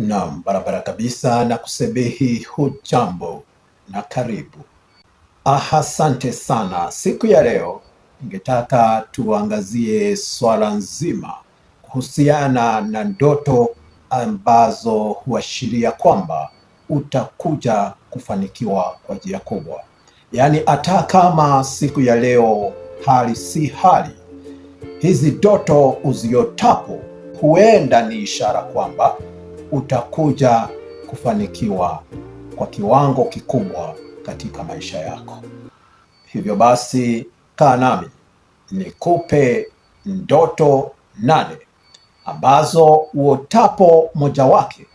Naam, barabara kabisa na kusebehi hujambo na karibu. Ah, asante sana. Siku ya leo ningetaka tuangazie swala nzima kuhusiana na ndoto ambazo huashiria kwamba utakuja kufanikiwa kwa njia kubwa. Yaani, hata kama siku ya leo hali si hali, hizi ndoto uziotapo huenda ni ishara kwamba utakuja kufanikiwa kwa kiwango kikubwa katika maisha yako. Hivyo basi, kaa nami nikupe ndoto nane ambazo uotapo moja wake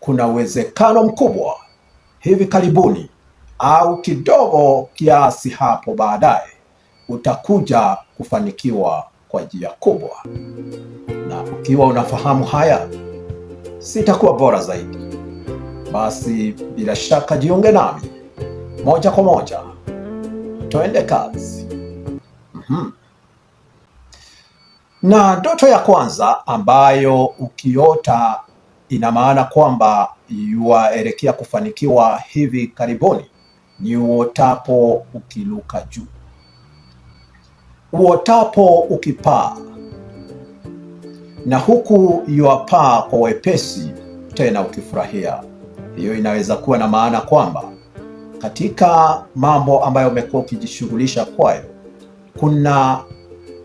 kuna uwezekano mkubwa hivi karibuni au kidogo kiasi hapo baadaye utakuja kufanikiwa kwa njia kubwa. Na ukiwa unafahamu haya sitakuwa bora zaidi. Basi bila shaka jiunge nami moja kwa moja, tuende kazi. mm -hmm. Na ndoto ya kwanza ambayo ukiota ina maana kwamba yuaelekea kufanikiwa hivi karibuni ni uotapo ukiluka juu, uotapo ukipaa na huku yuapaa kwa wepesi, tena ukifurahia. Hiyo inaweza kuwa na maana kwamba katika mambo ambayo umekuwa ukijishughulisha kwayo, kuna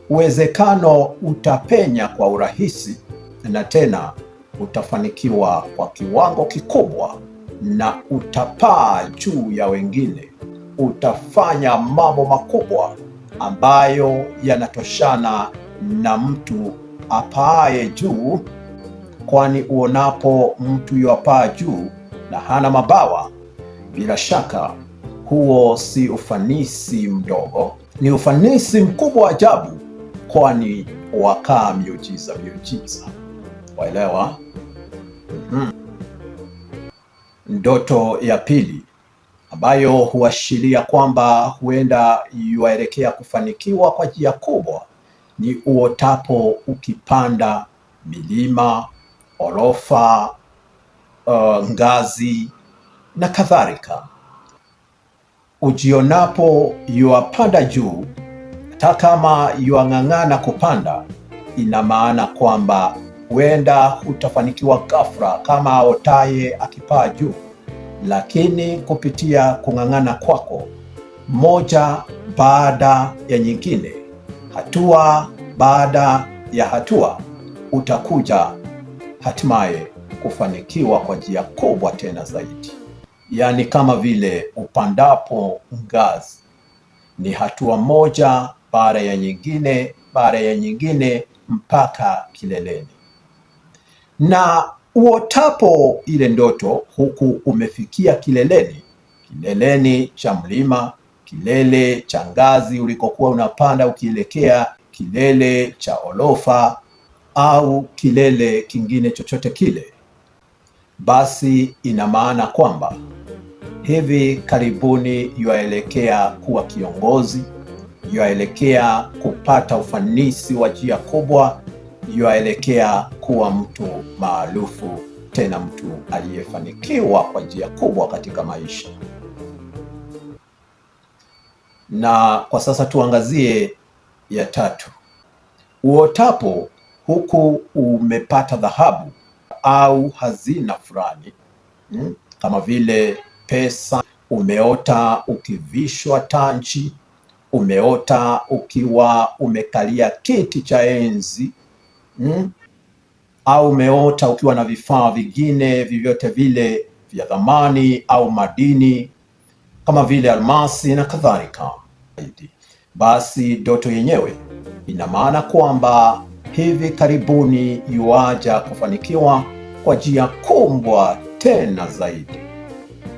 uwezekano utapenya kwa urahisi na tena utafanikiwa kwa kiwango kikubwa, na utapaa juu ya wengine. Utafanya mambo makubwa ambayo yanatoshana na mtu apaaye juu, kwani uonapo mtu yuapaa juu na hana mabawa, bila shaka huo si ufanisi mdogo, ni ufanisi mkubwa ajabu, kwani wakaa miujiza miujiza. Waelewa? mm-hmm. Ndoto ya pili ambayo huashiria kwamba huenda yuaelekea kufanikiwa kwa njia kubwa ni uotapo ukipanda milima, orofa, uh, ngazi na kadhalika. Ujionapo yuapanda juu, hata kama yuang'ang'ana kupanda, ina maana kwamba huenda hutafanikiwa ghafla kama aotaye akipaa juu, lakini kupitia kung'ang'ana kwako moja baada ya nyingine hatua baada ya hatua, utakuja hatimaye kufanikiwa kwa njia kubwa tena zaidi. Yaani, kama vile upandapo ngazi, ni hatua moja baada ya nyingine baada ya nyingine mpaka kileleni, na uotapo ile ndoto huku umefikia kileleni, kileleni cha mlima kilele cha ngazi ulikokuwa unapanda ukielekea kilele cha orofa au kilele kingine chochote kile, basi ina maana kwamba hivi karibuni yuaelekea kuwa kiongozi, yuaelekea kupata ufanisi wa njia kubwa, yuaelekea kuwa mtu maarufu, tena mtu aliyefanikiwa kwa njia kubwa katika maisha. Na kwa sasa tuangazie ya tatu. Uotapo huku umepata dhahabu au hazina fulani hmm, kama vile pesa. Umeota ukivishwa tanchi, umeota ukiwa umekalia kiti cha enzi hmm, au umeota ukiwa na vifaa vingine vyovyote vile vya dhamani au madini kama vile almasi na kadhalika zaidi. Basi ndoto yenyewe ina maana kwamba hivi karibuni yuaja kufanikiwa kwa njia kubwa tena zaidi.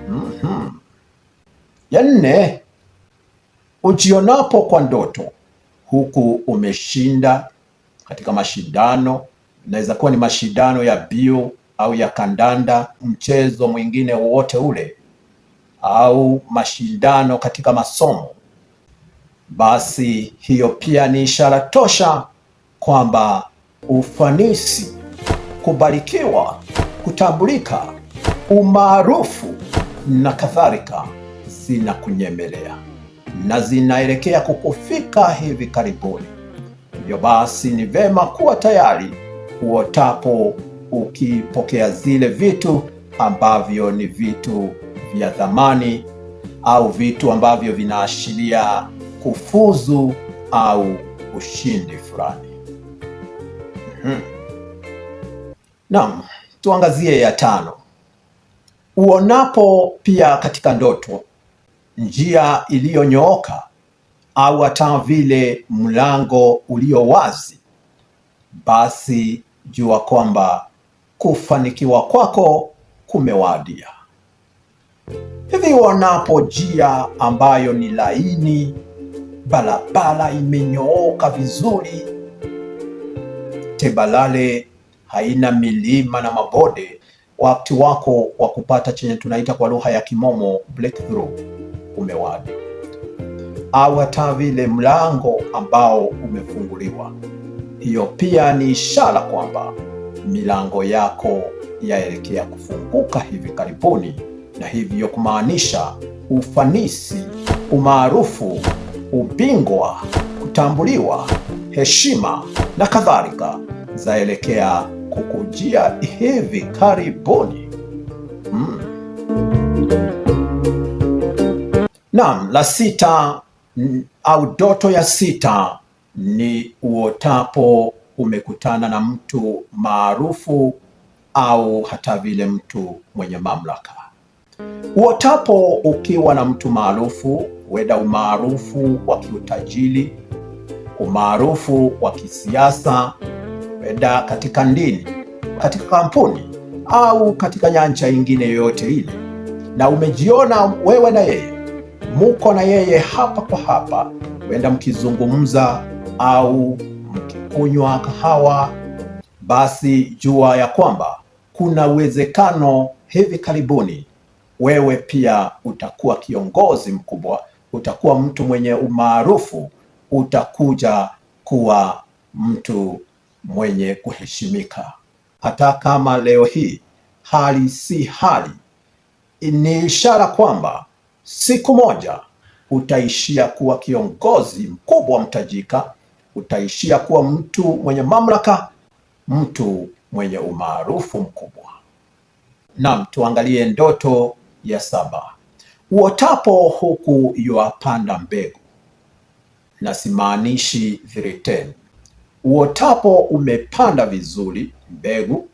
mm -hmm. Ya nne, ujionapo kwa ndoto huku umeshinda katika mashindano, inaweza kuwa ni mashindano ya bio au ya kandanda, mchezo mwingine wowote ule, au mashindano katika masomo basi hiyo pia ni ishara tosha kwamba ufanisi, kubarikiwa, kutambulika, umaarufu na kadhalika zinakunyemelea na zinaelekea kukufika hivi karibuni. Hivyo basi ni vema kuwa tayari uotapo, ukipokea zile vitu ambavyo ni vitu vya thamani au vitu ambavyo vinaashiria kufuzu au ushindi fulani. Mm-hmm. Naam, tuangazie ya tano. Uonapo pia katika ndoto njia iliyonyooka au hata vile mlango ulio wazi, basi jua kwamba kufanikiwa kwako kumewadia. Hivi uonapo njia ambayo ni laini barabara imenyooka vizuri, tebalale, haina milima na mabonde. Wakati wako wa kupata chenye tunaita kwa lugha ya kimomo breakthrough umewadi, au hata vile mlango ambao umefunguliwa. Hiyo pia ni ishara kwamba milango yako yaelekea kufunguka hivi karibuni, na hivyo kumaanisha ufanisi, umaarufu upingwa, kutambuliwa, heshima na kadhalika zaelekea kukujia hivi karibuni. Mm. Naam, la sita au ndoto ya sita ni uotapo umekutana na mtu maarufu au hata vile mtu mwenye mamlaka. Uotapo ukiwa na mtu maarufu weda umaarufu wa kiutajiri, umaarufu wa kisiasa, weda katika dini, katika kampuni au katika nyanja nyingine yoyote ile, na umejiona wewe na yeye muko na yeye hapa kwa hapa, huenda mkizungumza au mkikunywa kahawa, basi jua ya kwamba kuna uwezekano hivi karibuni wewe pia utakuwa kiongozi mkubwa utakuwa mtu mwenye umaarufu, utakuja kuwa mtu mwenye kuheshimika. Hata kama leo hii hali si hali, ni ishara kwamba siku moja utaishia kuwa kiongozi mkubwa mtajika, utaishia kuwa mtu mwenye mamlaka, mtu mwenye umaarufu mkubwa. Naam, tuangalie ndoto ya saba. Uotapo huku yuapanda mbegu, na simaanishi viriteni. Uotapo umepanda vizuri mbegu,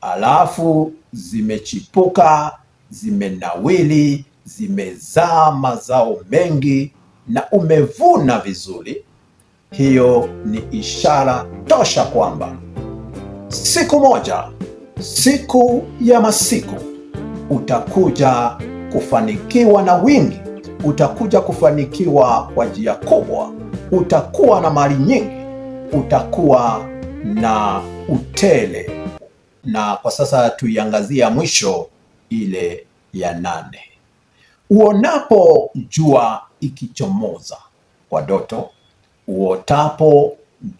alafu zimechipuka, zimenawili, zimezaa mazao mengi na umevuna vizuri, hiyo ni ishara tosha kwamba siku moja, siku ya masiku utakuja kufanikiwa na wingi, utakuja kufanikiwa kwa njia kubwa, utakuwa na mali nyingi, utakuwa na utele. Na kwa sasa tuiangazia mwisho ile ya nane. Uonapo jua ikichomoza kwa doto, uotapo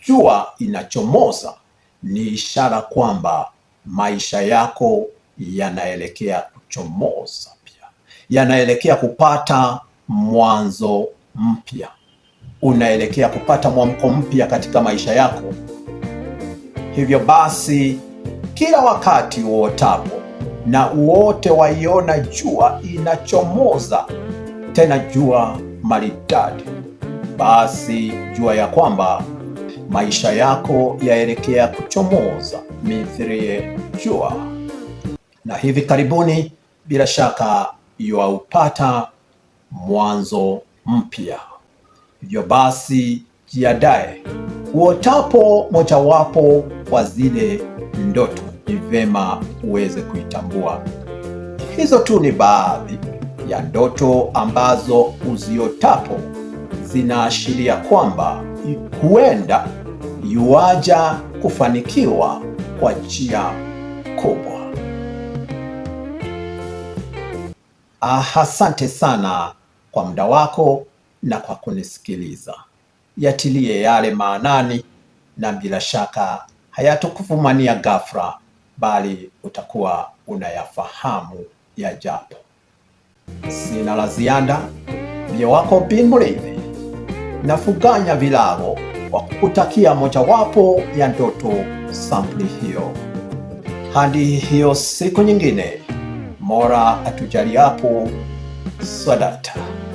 jua inachomoza, ni ishara kwamba maisha yako yanaelekea kuchomoza yanaelekea kupata mwanzo mpya. Unaelekea kupata mwamko mpya katika maisha yako. Hivyo basi, kila wakati uotapo na uote waiona jua inachomoza, tena jua maridadi, basi jua ya kwamba maisha yako yaelekea kuchomoza mithili jua. Na hivi karibuni, bila shaka ywaupata mwanzo mpya. Hivyo basi jiadae, uotapo mojawapo wa zile ndoto, ni vema uweze kuitambua. Hizo tu ni baadhi ya ndoto ambazo uziotapo zinaashiria kwamba huenda yuaja kufanikiwa kwa njia kubwa. Ah, asante sana kwa muda wako na kwa kunisikiliza. Yatilie yale maanani, na bila shaka hayatokufumania ghafla, bali utakuwa unayafahamu yajapo. Sina la ziada, vyo wako Bimlivi nafuganya vilago kwa kukutakia mojawapo ya ndoto sampuli hiyo. Hadi hiyo siku nyingine. Mora atujaliapo swadata